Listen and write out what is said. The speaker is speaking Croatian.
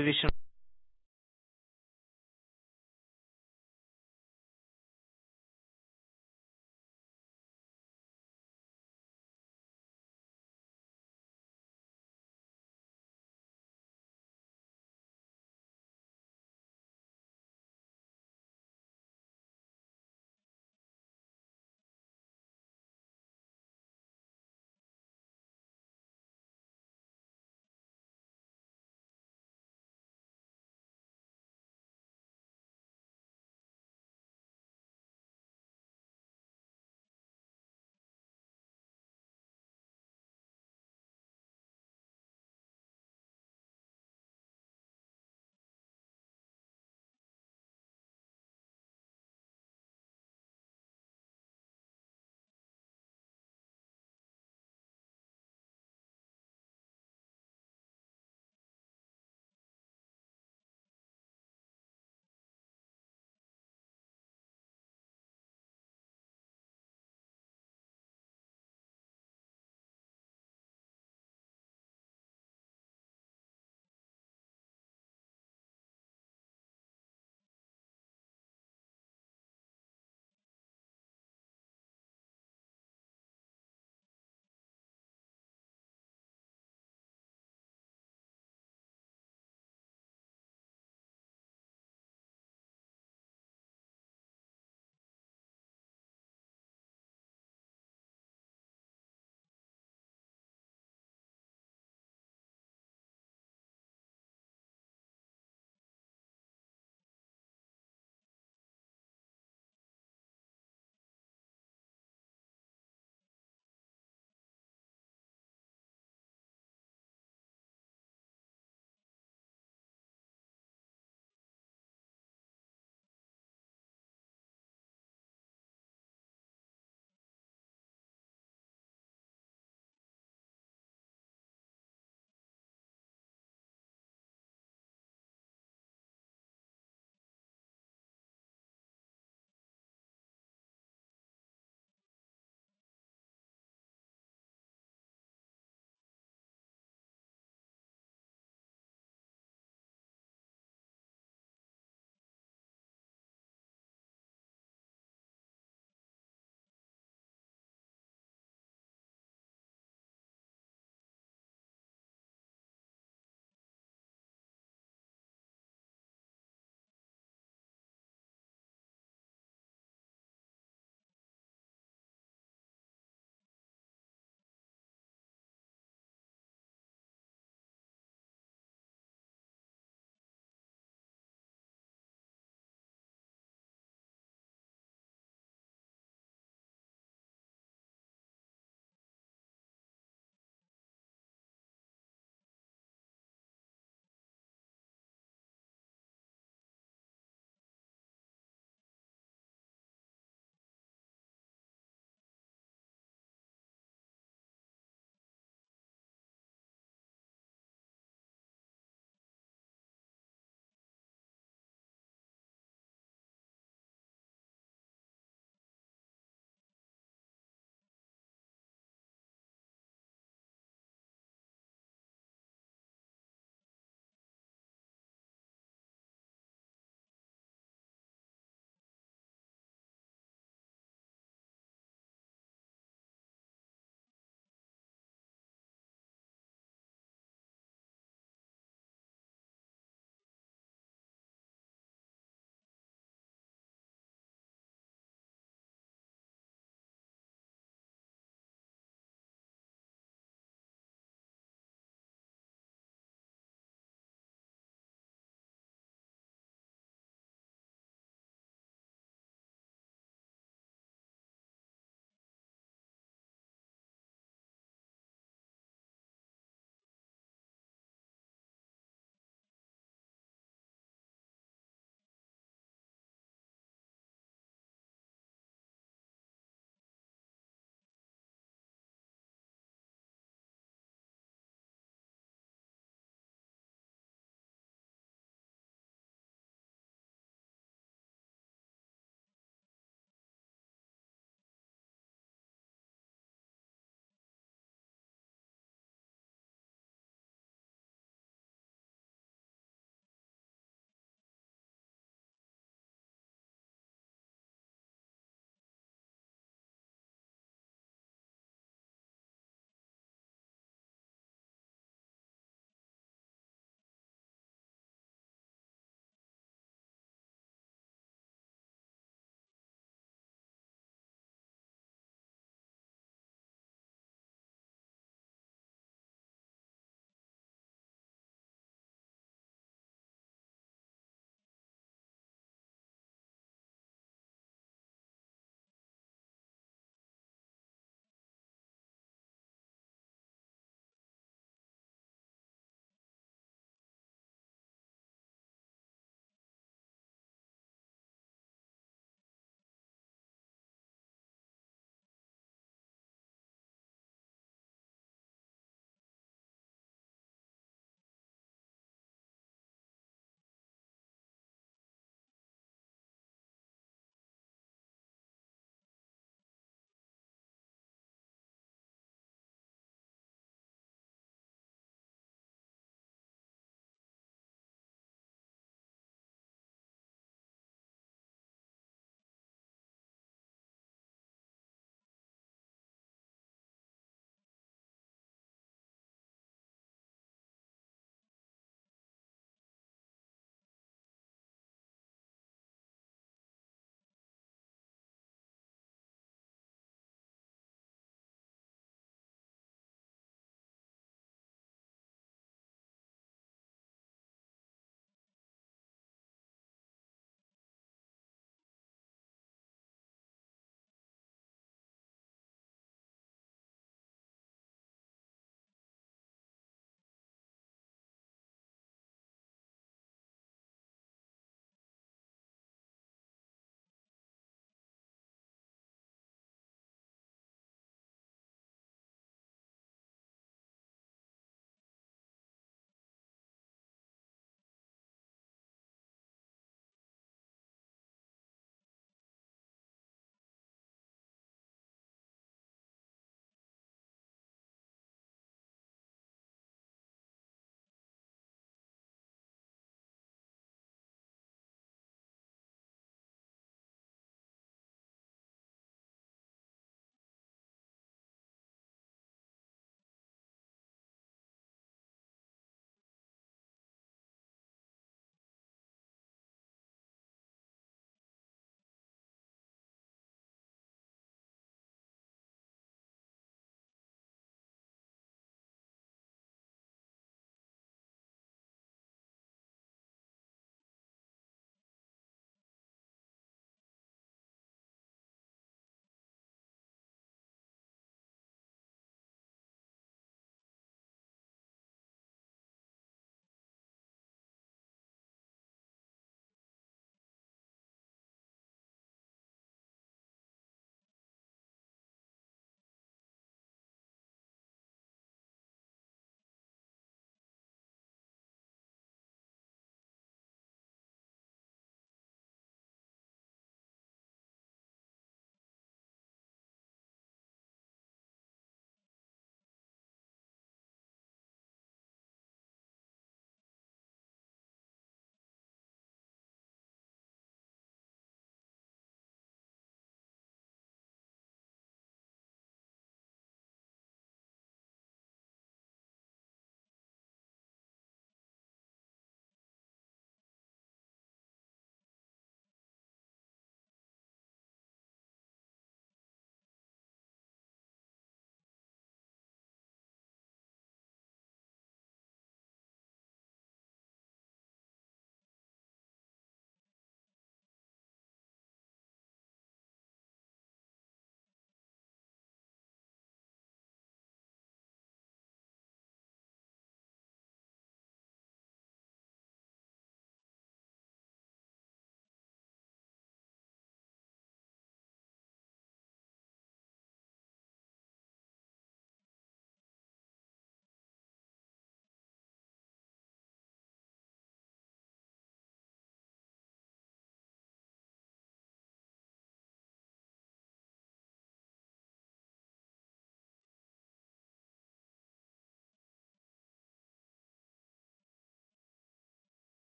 više